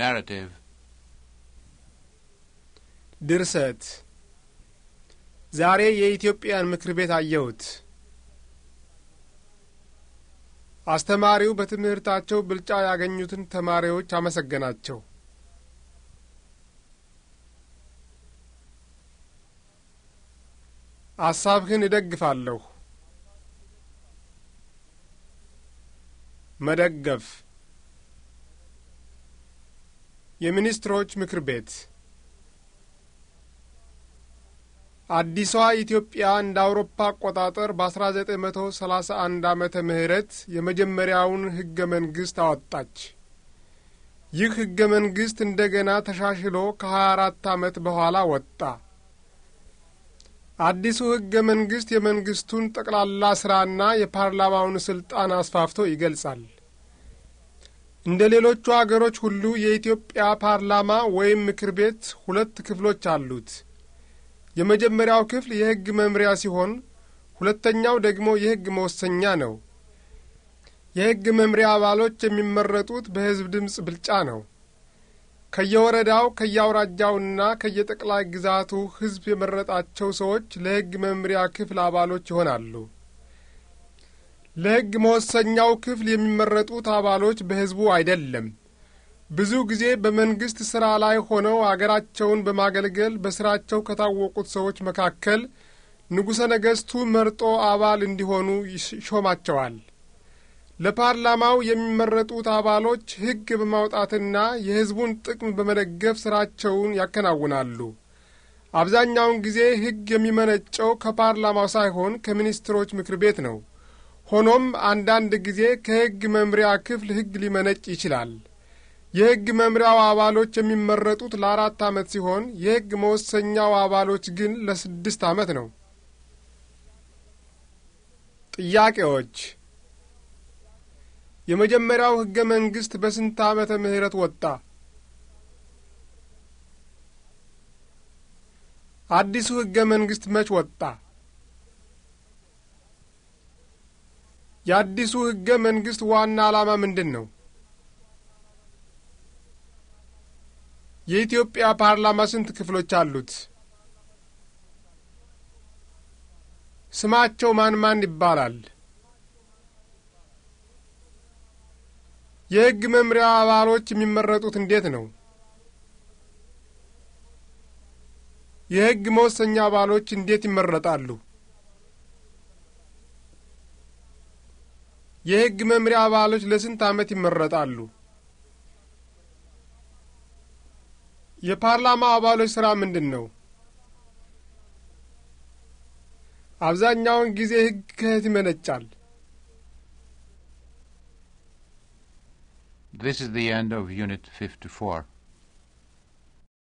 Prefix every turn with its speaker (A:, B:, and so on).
A: ናራቲቭ ድርሰት ዛሬ የኢትዮጵያን ምክር ቤት አየሁት። አስተማሪው በትምህርታቸው ብልጫ ያገኙትን ተማሪዎች አመሰገናቸው። አሳብህን እደግፋለሁ። መደገፍ የሚኒስትሮች ምክር ቤት አዲሷ ኢትዮጵያ እንደ አውሮፓ አቆጣጠር በ1931 ዓመተ ምህረት የመጀመሪያውን ሕገ መንግሥት አወጣች። ይህ ሕገ መንግሥት እንደ ገና ተሻሽሎ ከ24 ዓመት በኋላ ወጣ። አዲሱ ሕገ መንግሥት የመንግሥቱን ጠቅላላ ሥራና የፓርላማውን ሥልጣን አስፋፍቶ ይገልጻል። እንደ ሌሎቹ አገሮች ሁሉ የኢትዮጵያ ፓርላማ ወይም ምክር ቤት ሁለት ክፍሎች አሉት። የመጀመሪያው ክፍል የሕግ መምሪያ ሲሆን፣ ሁለተኛው ደግሞ የሕግ መወሰኛ ነው። የሕግ መምሪያ አባሎች የሚመረጡት በሕዝብ ድምፅ ብልጫ ነው። ከየወረዳው ከየአውራጃውና ከየጠቅላይ ግዛቱ ሕዝብ የመረጣቸው ሰዎች ለሕግ መምሪያ ክፍል አባሎች ይሆናሉ። ለሕግ መወሰኛው ክፍል የሚመረጡት አባሎች በሕዝቡ አይደለም። ብዙ ጊዜ በመንግሥት ሥራ ላይ ሆነው አገራቸውን በማገልገል በሥራቸው ከታወቁት ሰዎች መካከል ንጉሠ ነገሥቱ መርጦ አባል እንዲሆኑ ይሾማቸዋል። ለፓርላማው የሚመረጡት አባሎች ሕግ በማውጣትና የሕዝቡን ጥቅም በመደገፍ ሥራቸውን ያከናውናሉ። አብዛኛውን ጊዜ ሕግ የሚመነጨው ከፓርላማው ሳይሆን ከሚኒስትሮች ምክር ቤት ነው። ሆኖም አንዳንድ ጊዜ ከሕግ መምሪያ ክፍል ሕግ ሊመነጭ ይችላል። የሕግ መምሪያው አባሎች የሚመረጡት ለአራት ዓመት ሲሆን የሕግ መወሰኛው አባሎች ግን ለስድስት ዓመት ነው። ጥያቄዎች የመጀመሪያው ሕገ መንግሥት በስንት ዓመተ ምሕረት ወጣ? አዲሱ ሕገ መንግሥት መች ወጣ? የአዲሱ ሕገ መንግሥት ዋና ዓላማ ምንድን ነው? የኢትዮጵያ ፓርላማ ስንት ክፍሎች አሉት? ስማቸው ማን ማን ይባላል? የሕግ መምሪያ አባሎች የሚመረጡት እንዴት ነው? የሕግ መወሰኛ አባሎች እንዴት ይመረጣሉ? የሕግ መምሪያ አባሎች ለስንት ዓመት ይመረጣሉ? የፓርላማ አባሎች ሥራ ምንድን ነው? አብዛኛውን ጊዜ ሕግ ከየት ይመነጫል? This is the end of Unit 54.